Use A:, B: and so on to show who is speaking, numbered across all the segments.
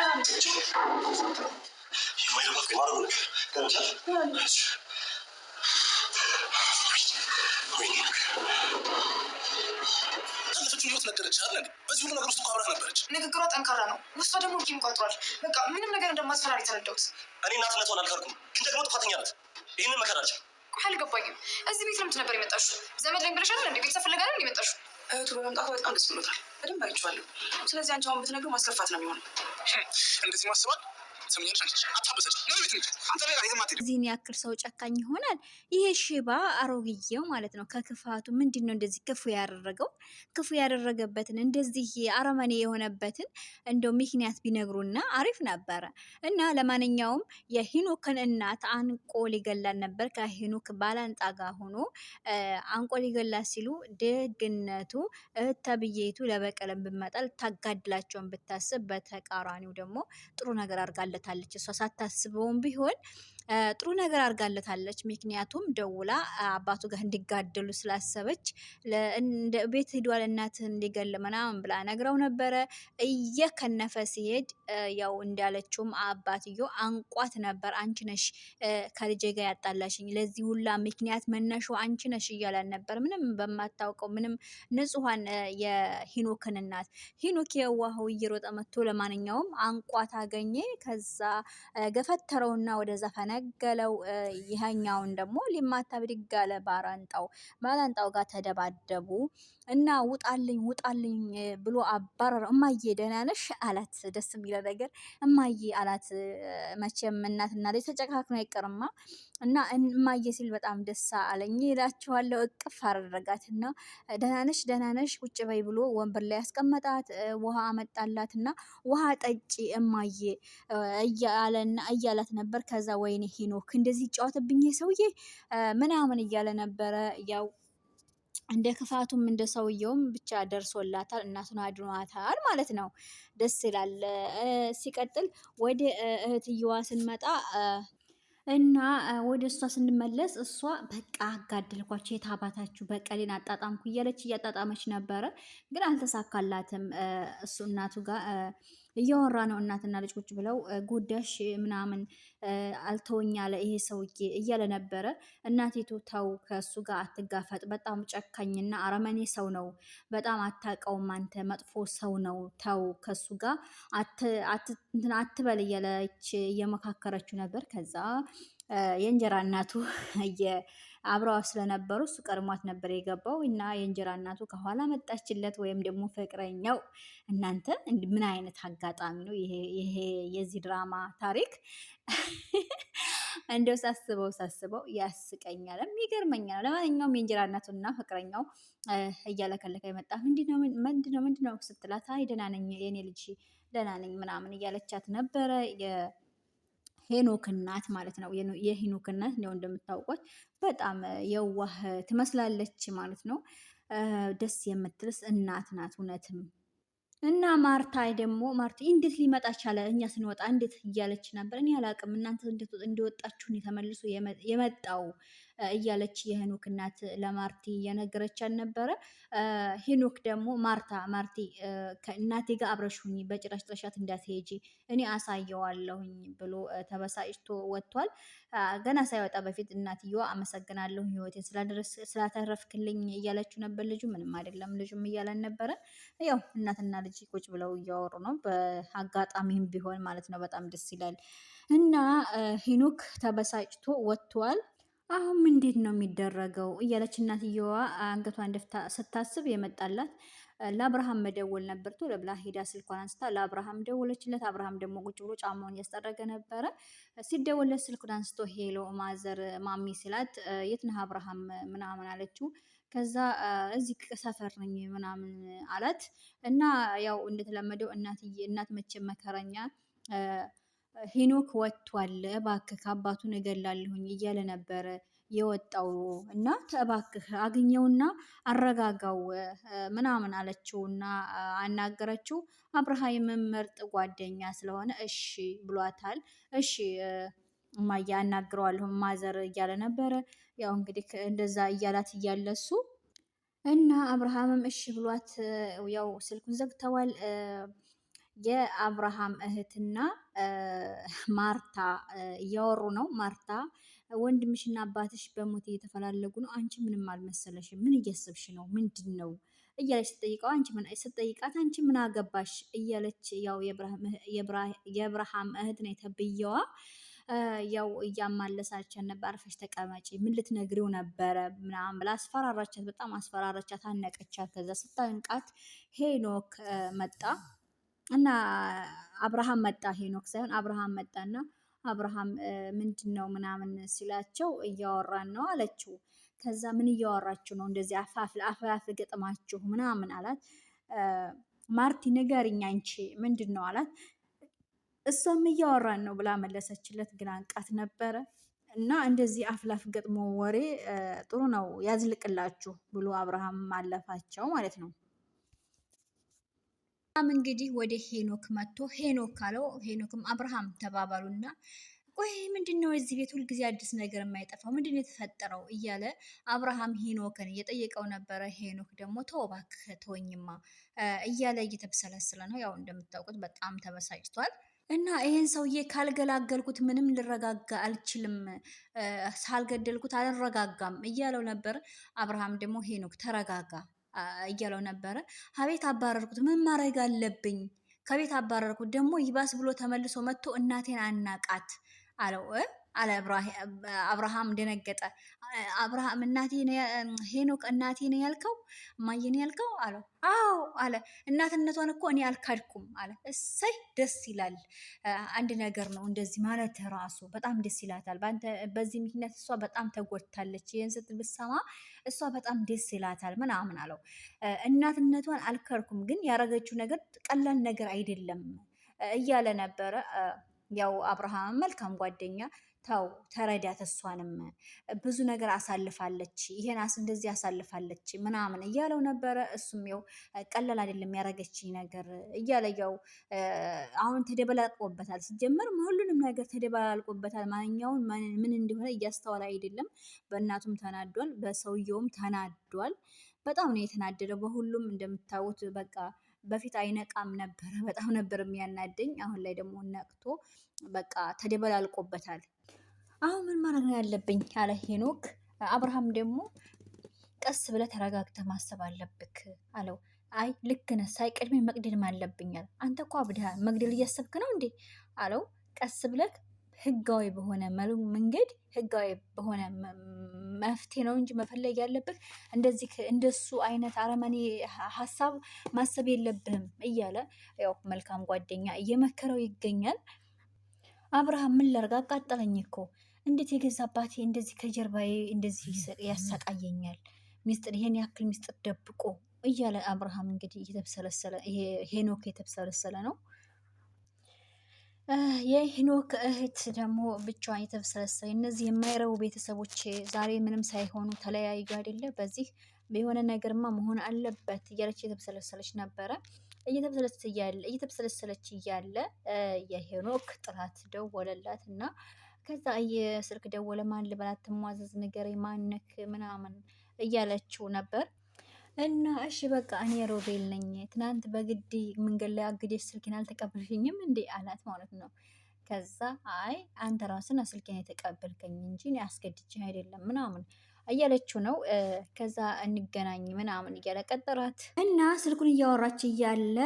A: I'm
B: ንግግሯ ጠንካራ ነው፣ ውስጧ ደግሞ ቂም ቋጥሯል። በቃ ምንም ነገር እንደማስፈራሪ ተረዳሁት።
A: እኔ እናትነቷን አልካድኩም፣ ግን ደግሞ ጥፋተኛ ናት። ይህንን መከራቸው
B: አልገባኝም። እዚህ ቤት ለምንድን ነበር የመጣሽው? ዘመድ ነኝ ብለሻል እንዴ? ቤተሰብ ፍለጋ ነው
C: እህቱ በመምጣቷ በጣም ደስ ብሎታል። በደንብ አይቼዋለሁ። ስለዚህ አንቺ አሁን ብትነግረው ማስከፋት ነው የሚሆነው።
A: እንደዚህ ማስባል
D: እዚህን ያክል ሰው ጨካኝ ይሆናል? ይሄ ሽባ አሮግዬው ማለት ነው። ከክፋቱ ምንድን ነው እንደዚህ ክፉ ያደረገው? ክፉ ያደረገበትን እንደዚህ አረመኔ የሆነበትን እንደው ምክንያት ቢነግሩና አሪፍ ነበረ። እና ለማንኛውም የሂኖክን እናት አንቆ ሊገላል ነበር። ከሂኖክ ባላንጣ ጋር ሆኖ አንቆ ሊገላ ሲሉ ደግነቱ ተብዬቱ ለበቀለም ብመጣል ታጋድላቸውን ብታስብ፣ በተቃራኒው ደግሞ ጥሩ ነገር አድርጋለ አድርጋለታለች እሷ ሳታስበውም ቢሆን ጥሩ ነገር አድርጋለታለች። ምክንያቱም ደውላ አባቱ ጋር እንዲጋደሉ ስላሰበች ቤት ሂዷል እናትህ እንዲገል ምናምን ብላ ነግረው ነበረ። እየከነፈ ሲሄድ ያው እንዳለችውም አባትዮ አንቋት ነበር። አንቺ ነሽ ከልጄ ጋር ያጣላሽኝ፣ ለዚህ ሁላ ምክንያት መነሻው አንቺ ነሽ እያለን ነበር። ምንም በማታውቀው ምንም ንጹሐን የሂኖክን እናት ሂኖክ የዋኸው እየሮጠ መጥቶ ለማንኛውም አንቋት አገኘ። ከዛ ገፈተረውና ወደዛ ፈና ገነገለው። ይሄኛውን ደግሞ ሊማታ ብድግ አለ። ባላንጣው ባላንጣው ጋር ተደባደቡ እና ውጣልኝ ውጣልኝ ብሎ አባረረው። እማዬ ደህና ነሽ አላት። ደስ የሚለው ነገር እማዬ አላት። መቼም እናትና ልጅ ተጨካክኖ አይቀርማ እና እማዬ ሲል በጣም ደስ አለኝ ይላችኋለሁ። እቅፍ አደረጋት እና ደህና ነሽ ደህና ነሽ ውጭ በይ ብሎ ወንበር ላይ ያስቀመጣት። ውሃ አመጣላት እና ውሃ ጠጪ እማዬ እያለ እና እያላት ነበር። ከዛ ወይኔ ሄኖክ እንደዚህ ይጫወትብኝ ሰውዬ ምናምን እያለ ነበረ ያው እንደ ክፋቱም እንደ ሰውየውም ብቻ ደርሶላታል። እናቱን አድኗታል ማለት ነው። ደስ ይላል። ሲቀጥል ወደ እህትየዋ ስንመጣ እና ወደ እሷ ስንመለስ እሷ በቃ አጋደልኳቸው፣ የታባታችሁ በቀሌን አጣጣምኩ እያለች እያጣጣመች ነበረ፣ ግን አልተሳካላትም እሱ እናቱ ጋር እያወራ ነው እናትና ልጅ ቁጭ ብለው ጎዳሽ ምናምን አልተወኛለ ይሄ ሰውዬ እያለ ነበረ። እናቴቱ ተው ከእሱ ጋር አትጋፈጥ፣ በጣም ጨካኝና አረመኔ ሰው ነው፣ በጣም አታውቀውም አንተ፣ መጥፎ ሰው ነው፣ ተው ከእሱ ጋር አትበል እያለች እየመካከረችው ነበር። ከዛ የእንጀራ እናቱ አብረዋ ስለነበሩ እሱ ቀድሟት ነበር የገባው እና የእንጀራ እናቱ ከኋላ መጣችለት፣ ወይም ደግሞ ፍቅረኛው። እናንተ ምን አይነት አጋጣሚ ነው ይሄ? የዚህ ድራማ ታሪክ እንደው ሳስበው ሳስበው ያስቀኛልም ይገርመኛል። ለማንኛውም የእንጀራ እናቱና ፍቅረኛው እያለከለከ የመጣ ምንድነው ምንድነው ስትላት አይ ደህና ነኝ የኔ ልጅ ደህና ነኝ ምናምን እያለቻት ነበረ። ሄኖክ እናት ማለት ነው። የሄኖክ እናት ያው እንደምታውቋት በጣም የዋህ ትመስላለች ማለት ነው። ደስ የምትልስ እናት ናት እውነትም። እና ማርታ ደግሞ ማርታ እንዴት ሊመጣ ቻለ? እኛ ስንወጣ እንዴት እያለች ነበር። እኔ አላቅም እናንተ እንደወጣችሁ የተመልሶ የመጣው እያለች የሄኖክ እናት ለማርቲ እየነገረች አልነበረ። ሄኖክ ደግሞ ማርታ ማርቲ ከእናቴ ጋር አብረሽ በጭራሽ ጥረሻት እንዳትሄጂ እኔ አሳየዋለሁኝ ብሎ ተበሳጭቶ ወጥቷል። ገና ሳይወጣ በፊት እናትየዋ አመሰግናለሁ ህይወቴን ስላተረፍክልኝ እያለችው ነበር። ልጁ ምንም አይደለም ልጁም እያለን ነበረ። ያው እናትና ልጅ ቁጭ ብለው እያወሩ ነው። በአጋጣሚም ቢሆን ማለት ነው። በጣም ደስ ይላል እና ሄኖክ ተበሳጭቶ ወጥቷል። አሁን ምንድን ነው የሚደረገው እያለች እናትየዋ አንገቷን ደፍታ ስታስብ የመጣላት ለአብርሃም መደወል ነበር። ቶሎ ብላ ሄዳ ስልኳን አንስታ ለአብርሃም ደወለችለት። አብርሃም ደግሞ ቁጭ ብሎ ጫማውን እያስጠረገ ነበረ። ሲደወለት ስልኩን አንስቶ ሄሎ ማዘር ማሚ ስላት የት ነህ አብርሃም ምናምን አለችው። ከዛ እዚህ ሰፈር ነኝ ምናምን አላት እና ያው እንደተለመደው እናት መቼ መከረኛ ሄኖክ ወጥቷል፣ እባክህ ከአባቱን እገላለሁኝ እያለ ነበረ የወጣው እና እባክህ አግኘውና አረጋጋው ምናምን አለችው እና አናገረችው። አብርሃ ምርጥ ጓደኛ ስለሆነ እሺ ብሏታል። እሺ እማዬ አናግረዋለሁ ማዘር እያለ ነበረ። ያው እንግዲህ እንደዛ እያላት እያለሱ እና አብርሃምም እሺ ብሏት ያው ስልኩን ዘግተዋል። የአብርሃም እህትና ማርታ እያወሩ ነው። ማርታ ወንድምሽና አባትሽ በሞት እየተፈላለጉ ነው፣ አንቺ ምንም አልመሰለሽም፣ ምን እያሰብሽ ነው? ምንድን ነው እያለች ስጠይቀው አንቺ ምን ስጠይቃት አንቺ ምን አገባሽ እያለች ያው የብርሃም እህት ነው የተብየዋ ያው እያማለሳችን ነበር። አርፈሽ ተቀመጪ ምን ልትነግሪው ነበረ ምናምን ብላ አስፈራራቻት፣ በጣም አስፈራራቻት፣ አነቀቻት። ከዛ ስታንቃት ሄኖክ መጣ። እና አብርሃም መጣ፣ ሄኖክ ሳይሆን አብርሃም መጣና አብርሃም ምንድን ነው ምናምን ሲላቸው እያወራን ነው አለችው። ከዛ ምን እያወራችሁ ነው እንደዚህ አፋፍ ለአፋፍ ገጥማችሁ ምናምን አላት። ማርቲ ንገሪኝ አንቺ ምንድን ነው አላት። እሷም እያወራን ነው ብላ መለሰችለት። ግን አንቃት ነበረ እና እንደዚህ አፍላፍ ገጥሞ ወሬ ጥሩ ነው ያዝልቅላችሁ ብሎ አብርሃም አለፋቸው ማለት ነው። አብርሃም እንግዲህ ወደ ሄኖክ መጥቶ ሄኖክ ካለው ሄኖክም አብርሃም ተባባሉና ቆይ ምንድን ነው እዚህ ቤት ሁልጊዜ አዲስ ነገር የማይጠፋው ምንድን ነው የተፈጠረው? እያለ አብርሃም ሄኖክን እየጠየቀው ነበረ። ሄኖክ ደግሞ ተው እባክህ ተወኝማ እያለ እየተብሰለስለ ነው። ያው እንደምታውቁት በጣም ተበሳጭቷል። እና ይህን ሰውዬ ካልገላገልኩት ምንም ልረጋጋ አልችልም፣ ሳልገደልኩት አልረጋጋም እያለው ነበር። አብርሃም ደግሞ ሄኖክ ተረጋጋ እያለው ነበረ። ከቤት አባረርኩት፣ ምን ማድረግ አለብኝ? ከቤት አባረርኩት። ደግሞ ይባስ ብሎ ተመልሶ መጥቶ እናቴን አናቃት አለው አለ አብርሃም ደነገጠ። አብርሃም እናቴ ሄኖክ እናቴ ነው ያልከው እማዬ ነው ያልከው አለው። አዎ አለ እናትነቷን እኮ እኔ አልካድኩም አለ። እሰይ ደስ ይላል። አንድ ነገር ነው እንደዚህ ማለት ራሱ በጣም ደስ ይላታል። በዚህ ምክንያት እሷ በጣም ተጎድታለች። ይህን ስትል ብትሰማ እሷ በጣም ደስ ይላታል ምናምን አለው። እናትነቷን አልካድኩም፣ ግን ያረገችው ነገር ቀላል ነገር አይደለም እያለ ነበረ ያው አብርሃም መልካም ጓደኛ ተው ተረዳት፣ እሷንም ብዙ ነገር አሳልፋለች፣ ይሄን እንደዚህ አሳልፋለች ምናምን እያለው ነበረ። እሱም ያው ቀላል አይደለም ያረገች ነገር እያለ ያው አሁን ተደበላልቆበታል። ሲጀምር ሁሉንም ነገር ተደበላልቆበታል። ማንኛውን ምን እንደሆነ እያስተዋለ አይደለም። በእናቱም ተናዷል፣ በሰውየውም ተናዷል። በጣም ነው የተናደደው በሁሉም እንደምታዩት በቃ በፊት አይነቃም ነበረ። በጣም ነበር የሚያናደኝ። አሁን ላይ ደግሞ ነቅቶ በቃ ተደበላልቆበታል። አሁን ምን ማድረግ ነው ያለብኝ ያለ ሄኖክ። አብርሃም ደግሞ ቀስ ብለህ ተረጋግተህ ማሰብ አለብክ አለው። አይ ልክ ነህ፣ ቅድሜ መግደልም አለብኛል። አንተ እኮ አብድሃል፣ መግደል እያሰብክ ነው እንዴ አለው። ቀስ ብለህ ህጋዊ በሆነ መንገድ ህጋዊ በሆነ መፍትሄ ነው እንጂ መፈለግ ያለብህ እንደዚህ እንደሱ አይነት አረመኔ ሀሳብ ማሰብ የለብህም እያለ ያው መልካም ጓደኛ እየመከረው ይገኛል። አብርሃም ምን ላርግ አቃጠለኝ እኮ እንዴት የገዛ አባቴ እንደዚህ ከጀርባዬ እንደዚህ ያሰቃየኛል፣ ሚስጥር ይሄን ያክል ሚስጥር ደብቆ እያለ አብርሃም እንግዲህ እየተብሰለሰለ ሄኖክ የተብሰለሰለ ነው። የሄኖክ እህት ደግሞ ብቻዋን የተብሰለሰለ እነዚህ የማይረቡ ቤተሰቦች ዛሬ ምንም ሳይሆኑ ተለያዩ አይደለ? በዚህ የሆነ ነገርማ መሆን አለበት እያለች የተብሰለሰለች ነበረ። እየተብሰለሰለች እያለ የሄኖክ ጥላት ደወለላት እና ከዛ ስልክ ደወለ። ማን ልበላት? ትሟዘዝ ንገረኝ፣ ማነክ ምናምን እያለችው ነበር እና እሺ በቃ እኔ ሮቤል ነኝ፣ ትናንት በግድ መንገድ ላይ አግዴሽ ስልኬን አልተቀበልሽኝም እንዴ አላት ማለት ነው። ከዛ አይ አንተ ራስን ስልኬን የተቀበልከኝ እንጂ እኔ አስገድጄ አይደለም ምናምን እያለችው ነው። ከዛ እንገናኝ ምናምን እያለ ቀጠራት እና ስልኩን እያወራች እያለ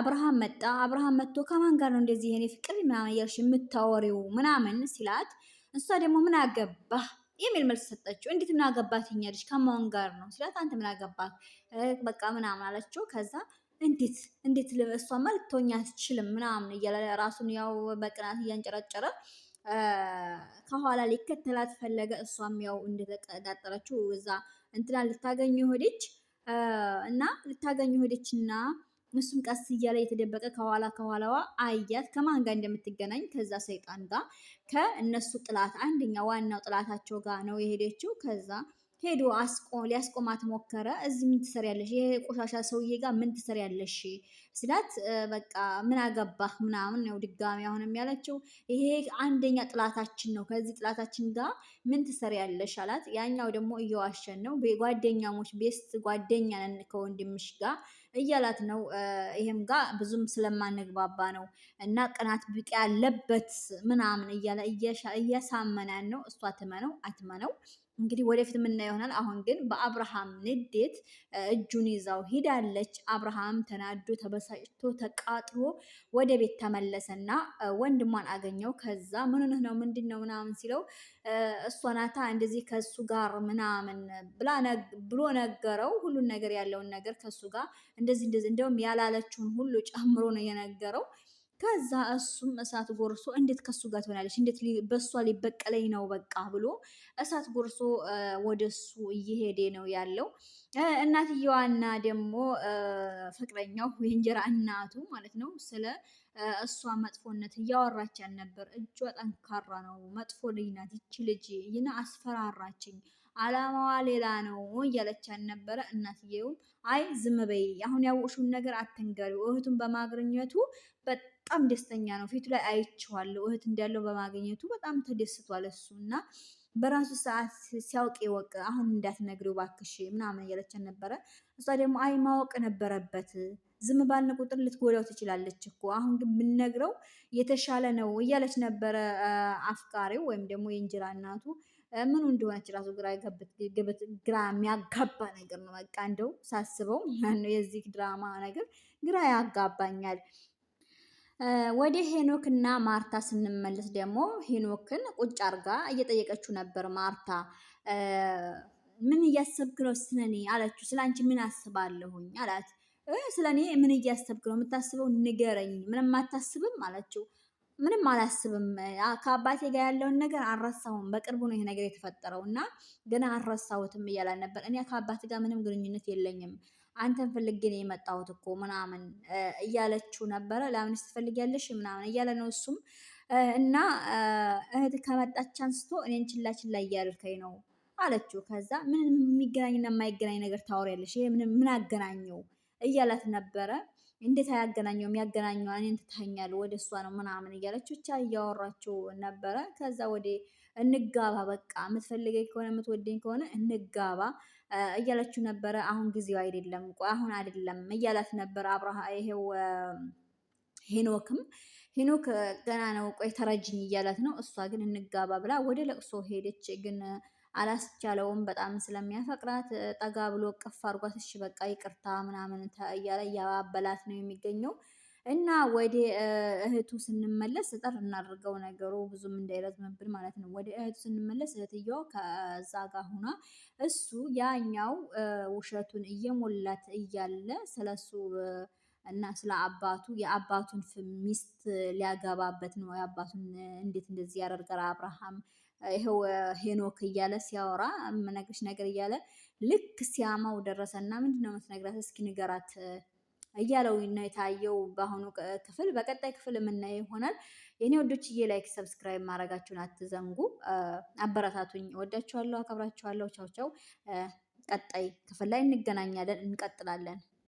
D: አብርሃም መጣ። አብርሃም መጥቶ ከማን ጋር ነው እንደዚህ የኔ ፍቅር ምናምን እያልሽ የምታወሪው ምናምን ሲላት እሷ ደግሞ ምን አገባህ የሚል መልስ ሰጠችው። እንዴት ምን አገባት የኛ ልጅ ከማን ጋር ነው ሲላት፣ አንተ ምን አገባት በቃ ምናምን አለችው። ከዛ እንዴት እንዴት እሷማ ልትሆኝ አትችልም ምናምን እያለ ራሱን ያው በቅናት እያንጨረጨረ ከኋላ ሊከተላት ፈለገ። እሷም ያው እንደተቀጣጠረችው እዛ እንትና ልታገኙ ሆዴች እና ልታገኙ ሆዴች እና እሱም ቀስ እያለ የተደበቀ ከኋላ ከኋላዋ አያት ከማን ጋር እንደምትገናኝ ከዛ ሰይጣን ጋር ከእነሱ ጥላት አንደኛ ዋናው ጥላታቸው ጋር ነው የሄደችው ከዛ ሄዶ አስቆ ሊያስቆማት ሞከረ። እዚህ ምን ትሰሪያለሽ? ይሄ ቆሻሻ ሰውዬ ጋር ምን ትሰሪያለሽ ስላት በቃ ምን አገባህ ምናምን ነው ድጋሚ አሁንም ያለችው። ይሄ አንደኛ ጥላታችን ነው፣ ከዚህ ጥላታችን ጋር ምን ትሰሪያለሽ አላት። ያኛው ደግሞ እየዋሸን ነው፣ ጓደኛሞች ቤስት ጓደኛ ነን ከወንድምሽ ጋር እያላት ነው። ይሄም ጋር ብዙም ስለማንግባባ ነው እና ቅናት ብቅ ያለበት ምናምን እያለ እያሳመናን ነው። እሷ ትመነው አትመነው እንግዲህ ወደፊት የምናየው ይሆናል። አሁን ግን በአብርሃም ንዴት እጁን ይዛው ሂዳለች። አብርሃም ተናዶ ተበሳጭቶ ተቃጥሎ ወደ ቤት ተመለሰና ወንድሟን አገኘው። ከዛ ምንንህ ነው ምንድን ነው ምናምን ሲለው እሷ ናታ እንደዚህ ከሱ ጋር ምናምን ብሎ ነገረው። ሁሉን ነገር ያለውን ነገር ከሱ ጋር እንደዚህ እንደዚህ እንደውም ያላለችውን ሁሉ ጨምሮ ነው የነገረው። ከዛ እሱም እሳት ጎርሶ እንዴት ከሱ ጋር ትሆናለች? እንዴት በእሷ ሊበቀለኝ ነው? በቃ ብሎ እሳት ጎርሶ ወደ እሱ እየሄደ ነው ያለው። እናትየዋና ደግሞ ፍቅረኛው የእንጀራ እናቱ ማለት ነው ስለ እሷ መጥፎነት እያወራቻት ነበር። እጇ ጠንካራ ነው፣ መጥፎ ልጅ ናት ይቺ ልጅ ይና አስፈራራችኝ አላማዋ ሌላ ነው እያለች ነበረ። እናትየውም አይ ዝም በይ አሁን ያወቅሽውን ነገር አትንገሪው፣ እህቱን በማግረኘቱ በጣም ደስተኛ ነው። ፊቱ ላይ አይቼዋለሁ እህት እንዳለው በማግኘቱ በጣም ተደስቷል እሱ እና በራሱ ሰዓት ሲያውቅ ይወቅ፣ አሁን እንዳትነግሪው ባክሽ ምናምን እያለችን ነበረ። እሷ ደግሞ አይ ማወቅ ነበረበት፣ ዝም ባልን ቁጥር ልትጎዳው ትችላለች እኮ አሁን ግን ብንነግረው የተሻለ ነው እያለች ነበረ። አፍቃሪው ወይም ደግሞ የእንጀራ እናቱ ምኑ እንደሆነች ራሱ ግራ የሚያጋባ ነገር ነው። በቃ እንደው ሳስበው የዚህ ድራማ ነገር ግራ ያጋባኛል። ወደ እና ማርታ ስንመለስ ደግሞ ሄኖክን ቁጭ አርጋ እየጠየቀችው ነበር። ማርታ ምን እያሰብክ ነው ስለኔ አለችው። ስለ አንቺ ምን አስባለሁኝ አላት። ስለ እኔ ምን እያሰብክ ነው? የምታስበው ንገረኝ። ምንም አታስብም አለችው። ምንም አላስብም። ከአባቴ ጋር ያለውን ነገር አልረሳሁም። በቅርቡ ነው ይሄ ነገር የተፈጠረው እና ገና አልረሳሁትም እያላል ነበር። እኔ ከአባቴ ጋር ምንም ግንኙነት የለኝም አንተን ፈልጌ ነው የመጣሁት እኮ ምናምን እያለችው ነበረ። ለምን ስትፈልጊያለሽ ምናምን እያለ ነው እሱም እና እህት ከመጣች አንስቶ እኔን ችላ ችላ እያልከኝ ነው አለችው። ከዛ ምን የሚገናኝና የማይገናኝ ነገር ታወሪያለሽ? ይሄ ምን አገናኘው እያላት ነበረ። እንዴት አያገናኘው? የሚያገናኘ እኔን ትታኛል፣ ወደ እሷ ነው ምናምን እያለች ብቻ እያወራችው ነበረ። ከዛ ወደ እንጋባ በቃ የምትፈልገኝ ከሆነ የምትወደኝ ከሆነ እንጋባ እያለችው ነበረ። አሁን ጊዜው አይደለም፣ አሁን አይደለም እያላት ነበረ አብርሃ ይሄው ሄኖክም ሄኖክ ገና ነው፣ ቆይ ተረጅኝ እያላት ነው። እሷ ግን እንጋባ ብላ ወደ ለቅሶ ሄደች። ግን አላስቻለውም። በጣም ስለሚያፈቅራት ጠጋ ብሎ ቅፍ አድርጓት እሺ በቃ ይቅርታ ምናምን እያለ እያባበላት ነው የሚገኘው። እና ወደ እህቱ ስንመለስ ጠር እናደርገው ነገሩ ብዙም እንዳይረዝምብን ማለት ነው። ወደ እህቱ ስንመለስ እህትየው ከዛ ጋር ሁና እሱ ያኛው ውሸቱን እየሞላት እያለ ስለሱ እና ስለ አባቱ የአባቱን ሚስት ሊያገባበት ነው። የአባቱን እንዴት እንደዚህ ያደርጋል አብርሃም ይኸው ሄኖክ እያለ ሲያወራ የምነግርሽ ነገር እያለ ልክ ሲያማው ደረሰ እና ምንድነው የምትነግራት? እስኪ ንገራት እያለው ነው የታየው በአሁኑ ክፍል። በቀጣይ ክፍል የምናየው ይሆናል። የኔ ወዶችዬ ላይክ፣ ሰብስክራይብ ማድረጋችሁን አትዘንጉ። አበረታቱኝ። ወዳችኋለሁ፣ አከብራችኋለሁ። ቻው ቻው። ቀጣይ ክፍል ላይ እንገናኛለን፣ እንቀጥላለን።